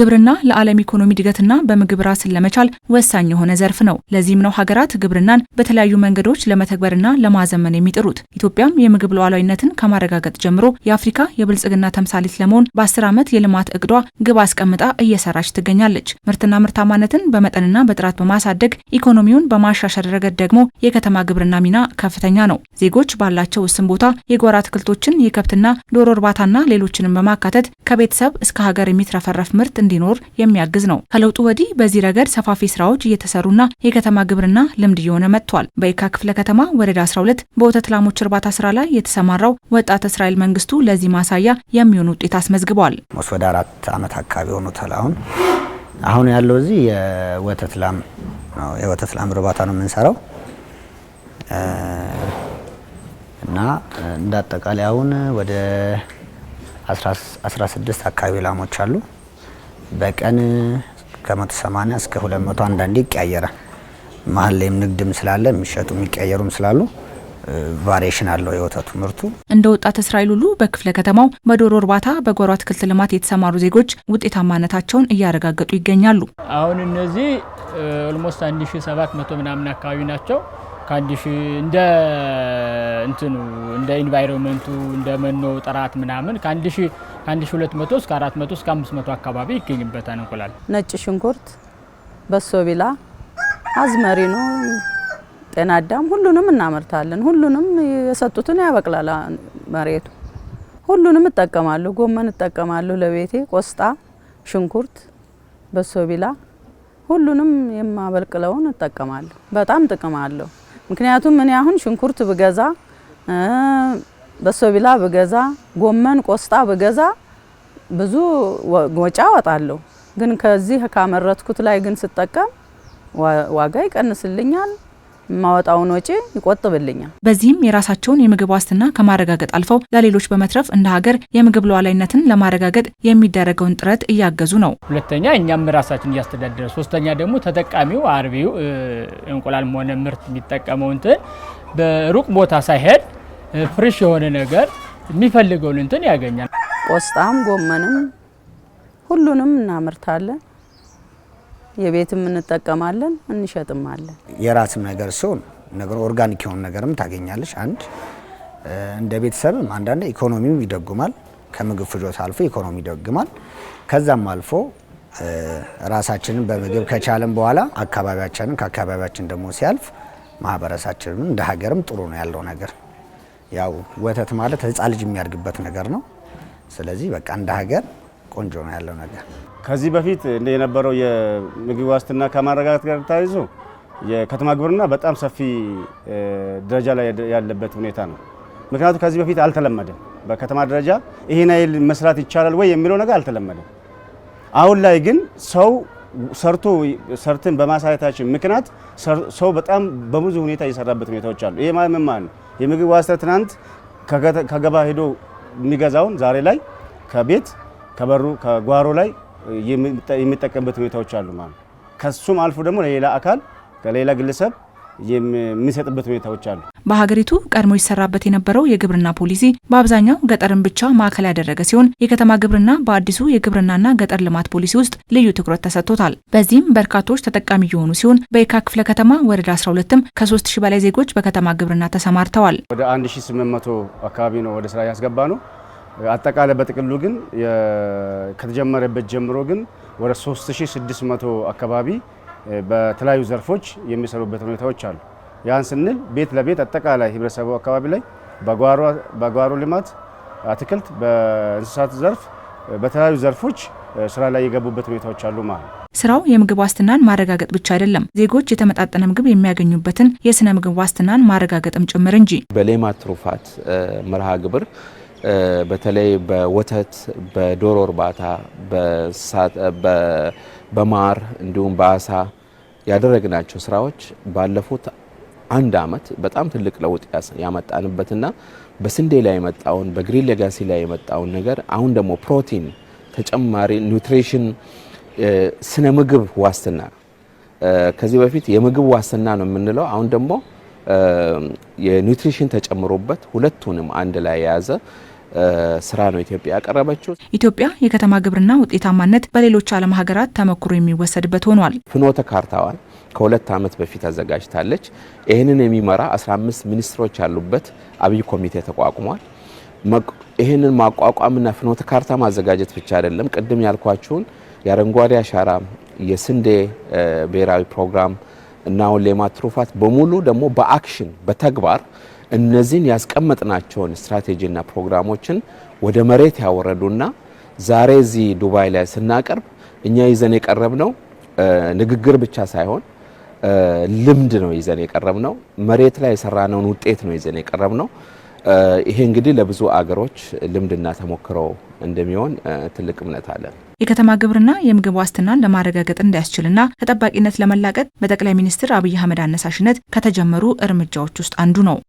ግብርና ለዓለም ኢኮኖሚ እድገትና በምግብ ራስን ለመቻል ወሳኝ የሆነ ዘርፍ ነው። ለዚህም ነው ሀገራት ግብርናን በተለያዩ መንገዶች ለመተግበርና ለማዘመን የሚጥሩት። ኢትዮጵያም የምግብ ሉዓላዊነትን ከማረጋገጥ ጀምሮ የአፍሪካ የብልጽግና ተምሳሌት ለመሆን በአስር ዓመት የልማት እቅዷ ግብ አስቀምጣ እየሰራች ትገኛለች። ምርትና ምርታማነትን በመጠንና በጥራት በማሳደግ ኢኮኖሚውን በማሻሻል ረገድ ደግሞ የከተማ ግብርና ሚና ከፍተኛ ነው። ዜጎች ባላቸው ውስን ቦታ የጓሮ አትክልቶችን፣ የከብትና ዶሮ እርባታና ሌሎችንም በማካተት ከቤተሰብ እስከ ሀገር የሚትረፈረፍ ምርት እንዲኖር የሚያግዝ ነው። ከለውጡ ወዲህ በዚህ ረገድ ሰፋፊ ስራዎች እየተሰሩና የከተማ ግብርና ልምድ እየሆነ መጥቷል። በየካ ክፍለ ከተማ ወረዳ 12 በወተት ላሞች እርባታ ስራ ላይ የተሰማራው ወጣት እስራኤል መንግስቱ ለዚህ ማሳያ የሚሆን ውጤት አስመዝግቧል። ሞስ ወደ አራት ዓመት አካባቢ ሆኖታል። አሁን አሁን ያለው እዚህ የወተት ላም ነው የወተት ላም እርባታ ነው የምንሰራው እና እንዳጠቃላይ አሁን ወደ 16 አካባቢ ላሞች አሉ። በቀን ከመቶ 180 እስከ 200 አንዳንዴ ይቀያየራል። መሀል ላይም ንግድም ስላለ የሚሸጡ የሚቀየሩም ስላሉ ቫሪሽን አለው የወተቱ ምርቱ። እንደ ወጣት እስራኤል ሁሉ በክፍለ ከተማው በዶሮ እርባታ፣ በጓሮ አትክልት ልማት የተሰማሩ ዜጎች ውጤታማነታቸውን እያረጋገጡ ይገኛሉ። አሁን እነዚህ ኦልሞስት 1700 ምናምን አካባቢ ናቸው። ከአንድ ሺህ እንደ እንትኑ እንደ ኢንቫይሮንመንቱ እንደ መኖ ጥራት ምናምን ከአንድ ሺህ ከ1200 እስከ 400 እስከ 500 አካባቢ ይገኝበታል። እንቁላል፣ ነጭ ሽንኩርት፣ በሶቢላ አዝመሪኖ፣ ጤናዳም ሁሉንም እናመርታለን። ሁሉንም የሰጡትን ያበቅላል መሬቱ። ሁሉንም እጠቀማለሁ። ጎመን እጠቀማለሁ ለቤቴ፣ ቆስጣ፣ ሽንኩርት፣ በሶቢላ ሁሉንም የማበቅለውን እጠቀማለሁ። በጣም ጥቅም አለው። ምክንያቱም እኔ አሁን ሽንኩርት ብገዛ በሶቢላ ብገዛ ጎመን፣ ቆስጣ ብገዛ ብዙ ወጪ አወጣለሁ። ግን ከዚህ ካመረትኩት ላይ ግን ስጠቀም ዋጋ ይቀንስልኛል የማወጣውን ወጪ ይቆጥብልኛል። በዚህም የራሳቸውን የምግብ ዋስትና ከማረጋገጥ አልፈው ለሌሎች በመትረፍ እንደ ሀገር የምግብ ሉዓላዊነትን ለማረጋገጥ የሚደረገውን ጥረት እያገዙ ነው። ሁለተኛ እኛም ራሳችን እያስተዳደረ፣ ሶስተኛ ደግሞ ተጠቃሚው አርቢው እንቁላልም ሆነ ምርት የሚጠቀመው እንትን በሩቅ ቦታ ሳይሄድ ፍሬሽ የሆነ ነገር የሚፈልገውን እንትን ያገኛል። ቆስጣም፣ ጎመንም ሁሉንም እናምርታለን። የቤትም እንጠቀማለን፣ እንሸጥማለን። የራስም ነገር ሲሆን ነገር ኦርጋኒክ የሆነ ነገርም ታገኛለች። አንድ እንደ ቤተሰብም አንዳንድ ኢኮኖሚም ይደጉማል። ከምግብ ፍጆታ አልፎ ኢኮኖሚ ይደግማል። ከዛም አልፎ ራሳችንን በምግብ ከቻለን በኋላ አካባቢያችንን ከአካባቢያችን ደግሞ ሲያልፍ ማህበረሰባችንን እንደ ሀገርም ጥሩ ነው ያለው ነገር ያው ወተት ማለት ህፃን ልጅ የሚያድግበት ነገር ነው። ስለዚህ በቃ እንደ ሀገር ቆንጆ ነው ያለው ነገር። ከዚህ በፊት እንደ የነበረው የምግብ ዋስትና ከማረጋገጥ ጋር ተያይዞ የከተማ ግብርና በጣም ሰፊ ደረጃ ላይ ያለበት ሁኔታ ነው። ምክንያቱም ከዚህ በፊት አልተለመደም። በከተማ ደረጃ ይሄን ያህል መስራት ይቻላል ወይ የሚለው ነገር አልተለመደም። አሁን ላይ ግን ሰው ሰርቶ ሰርትን በማሳየታችን ምክንያት ሰው በጣም በብዙ ሁኔታ እየሰራበት ሁኔታዎች አሉ። ይሄ ማለት ምን ማለት ነው? የምግብ ዋስትና ትናንት ከገባ ሄዶ የሚገዛውን ዛሬ ላይ ከቤት ከበሩ ከጓሮ ላይ የሚጠቀምበት ሁኔታዎች አሉ ማለት ነው። ከሱም አልፎ ደግሞ ለሌላ አካል ከሌላ ግለሰብ የሚሰጥበት ሁኔታዎች አሉ። በሀገሪቱ ቀድሞ ይሰራበት የነበረው የግብርና ፖሊሲ በአብዛኛው ገጠርን ብቻ ማዕከል ያደረገ ሲሆን የከተማ ግብርና በአዲሱ የግብርናና ገጠር ልማት ፖሊሲ ውስጥ ልዩ ትኩረት ተሰጥቶታል። በዚህም በርካቶች ተጠቃሚ የሆኑ ሲሆን በየካ ክፍለ ከተማ ወረዳ 12ም ከ3000 በላይ ዜጎች በከተማ ግብርና ተሰማርተዋል። ወደ 1800 አካባቢ ነው ወደ ስራ ያስገባ ነው። አጠቃላይ በጥቅሉ ግን ከተጀመረበት ጀምሮ ግን ወደ 3600 አካባቢ በተለያዩ ዘርፎች የሚሰሩበት ሁኔታዎች አሉ። ያን ስንል ቤት ለቤት አጠቃላይ ህብረተሰቡ አካባቢ ላይ በጓሮ ልማት፣ አትክልት፣ በእንስሳት ዘርፍ በተለያዩ ዘርፎች ስራ ላይ የገቡበት ሁኔታዎች አሉ ማለት ነው። ስራው የምግብ ዋስትናን ማረጋገጥ ብቻ አይደለም፣ ዜጎች የተመጣጠነ ምግብ የሚያገኙበትን የስነ ምግብ ዋስትናን ማረጋገጥም ጭምር እንጂ። በሌማት ትሩፋት መርሃ ግብር በተለይ በወተት፣ በዶሮ እርባታ፣ በማር እንዲሁም በአሳ ያደረግናቸው ስራዎች ባለፉት አንድ አመት በጣም ትልቅ ለውጥ ያመጣንበትና በስንዴ ላይ የመጣውን በግሪን ሌጋሲ ላይ የመጣውን ነገር አሁን ደግሞ ፕሮቲን ተጨማሪ ኒውትሪሽን ስነ ምግብ ዋስትና ከዚህ በፊት የምግብ ዋስትና ነው የምንለው፣ አሁን ደግሞ የኒውትሪሽን ተጨምሮበት ሁለቱንም አንድ ላይ የያዘ ስራ ነው ኢትዮጵያ ያቀረበችው። ኢትዮጵያ የከተማ ግብርና ውጤታማነት በሌሎች ዓለም ሀገራት ተመክሮ የሚወሰድበት ሆኗል። ፍኖተ ካርታዋን ከሁለት ዓመት በፊት አዘጋጅታለች። ይህንን የሚመራ 15 ሚኒስትሮች ያሉበት አብይ ኮሚቴ ተቋቁሟል። ይህንን ማቋቋምና ፍኖተ ካርታ ማዘጋጀት ብቻ አይደለም። ቅድም ያልኳችሁን የአረንጓዴ አሻራ፣ የስንዴ ብሔራዊ ፕሮግራም እና ሌማት ትሩፋት በሙሉ ደግሞ በአክሽን በተግባር እነዚህን ያስቀመጥናቸውን ስትራቴጂና ፕሮግራሞችን ወደ መሬት ያወረዱና ዛሬ እዚህ ዱባይ ላይ ስናቀርብ እኛ ይዘን የቀረብ ነው ንግግር ብቻ ሳይሆን ልምድ ነው ይዘን የቀረብ ነው። መሬት ላይ የሰራነውን ውጤት ነው ይዘን የቀረብ ነው። ይሄ እንግዲህ ለብዙ አገሮች ልምድና ተሞክሮ እንደሚሆን ትልቅ እምነት አለን። የከተማ ግብርና የምግብ ዋስትናን ለማረጋገጥ እንዲያስችልና ተጠባቂነት ለመላቀቅ በጠቅላይ ሚኒስትር አብይ አህመድ አነሳሽነት ከተጀመሩ እርምጃዎች ውስጥ አንዱ ነው።